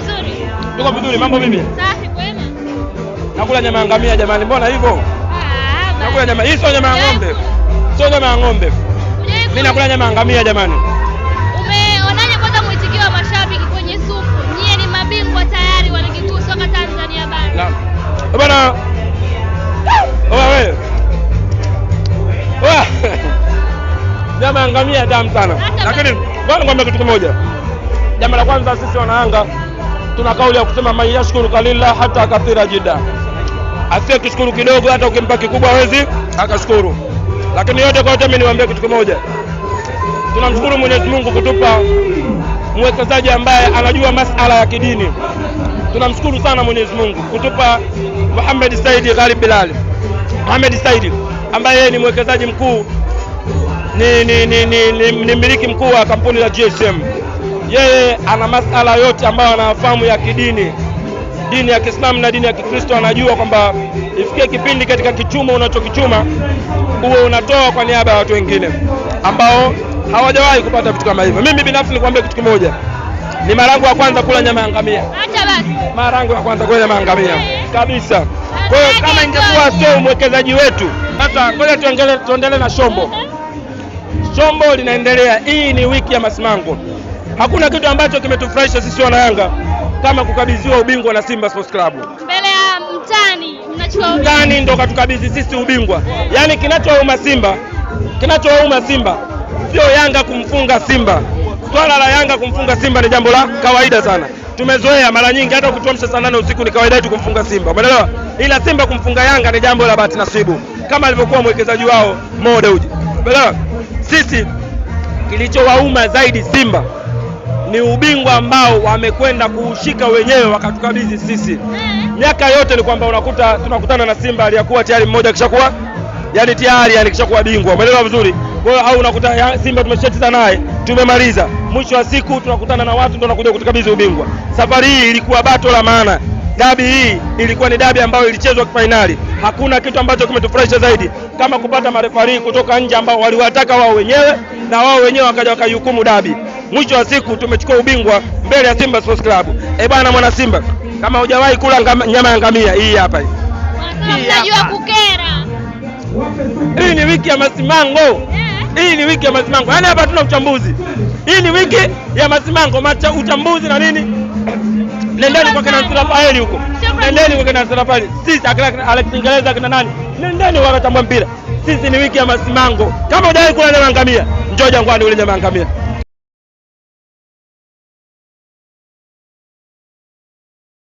vizuri. Tuko vizuri, mambo vipi? Safi kwema. Nakula nyama ngamia jamani, mbona hivyo? Ah, nakula nyama. Hii sio nyama ya ng'ombe. Sio nyama ya ng'ombe. Mimi nakula nyama ngamia jamani. Umeonaje kwanza mwitikio wa mashabiki kwenye supu? Nyie ni mabingwa tayari wa ligi kuu soka Tanzania bara. Naam. Eh, bwana. Oa wewe. Nyama ngamia damu sana. Lakini ngoja nikwambie kitu kimoja. Jambo la kwanza sisi Wanayanga tuna kauli ya kusema man yashkuru kalila hata kathira jida, asiye kushukuru kidogo hata ukimpa kikubwa hawezi akashukuru. Lakini yote kwa yote, mimi niwaambie kitu kimoja, tunamshukuru Mwenyezi Mungu kutupa mwekezaji ambaye anajua masala ya kidini. Tunamshukuru sana Mwenyezi Mungu kutupa Muhammad Said Ghalib Bilali, Muhammad Saidi ambaye yeye ni mwekezaji mkuu, ni, ni, ni, ni, ni, ni mmiliki mkuu wa kampuni la GSM yeye ana masala yote ambayo anafahamu ya kidini, dini ya Kiislamu na dini ya Kikristo. Anajua kwamba ifikie kipindi katika kichuma unachokichuma uwe unatoa kwa niaba ya watu wengine ambao hawajawahi kupata vitu kama hivyo. Mimi binafsi nikwambia kitu kimoja, ni mara yangu ya kwanza kula nyama ya ngamia, mara yangu ya kwanza kula nyama ya ngamia kabisa. Kwa hiyo kama ingekuwa sio mwekezaji wetu. Sasa ngoja tuendelee na shombo. Shombo linaendelea, hii ni wiki ya masimango. Hakuna kitu ambacho kimetufurahisha sisi wana Yanga kama kukabidhiwa ubingwa na Simba Sports Club mbele ya mtani. Mnachukua mtani ndo katukabidhi sisi ubingwa, yaani kinachowauma Simba, kinachowauma Simba sio Yanga kumfunga Simba. Swala la Yanga kumfunga Simba ni jambo la kawaida sana, tumezoea mara nyingi, hata ukituamsha saa nane usiku ni kawaida yetu kumfunga Simba, umeelewa? Ila Simba kumfunga Yanga ni jambo la bahati nasibu, kama alivyokuwa mwekezaji wao Mo Dewji, umeelewa? Sisi kilichowauma zaidi Simba ni ubingwa ambao wamekwenda kuushika wenyewe wakatukabidhi sisi. Miaka yote ni kwamba unakuta tunakutana na Simba aliyakuwa tayari mmoja kishakuwa yani tayari yani kishakuwa bingwa, umeelewa vizuri? Kwa hiyo au unakuta ya, Simba tumeshacheza naye tumemaliza, mwisho wa siku tunakutana na watu ndio wanakuja kutukabidhi ubingwa. Safari hii ilikuwa bato la maana, dabi hii ilikuwa ni dabi ambayo ilichezwa fainali. Hakuna kitu ambacho kimetufurahisha zaidi kama kupata marefari kutoka nje ambao waliwataka wao wenyewe na wao wenyewe wakaja wakaihukumu dabi. Mwisho wa siku tumechukua ubingwa mbele ya Simba Sports Club. Eh bwana, mwana Simba, kama hujawahi kula nyama ya ngamia hii hapa hii. kukera. Hii ni wiki ya masimango. Eh? Hii ni wiki ya masimango. Yaani hapa tuna uchambuzi. Hii ni wiki ya masimango, macha uchambuzi na nini? nendeni kwa kina Rafaeli huko, nendeni kwa kina Rafaeli. Sisi akina Kiingereza akina nani, nendeni wakatambua mpira. Sisi ni wiki ya masimango. Kama udai kula nyama ngamia, njoo Jangwani ule nyama ngamia.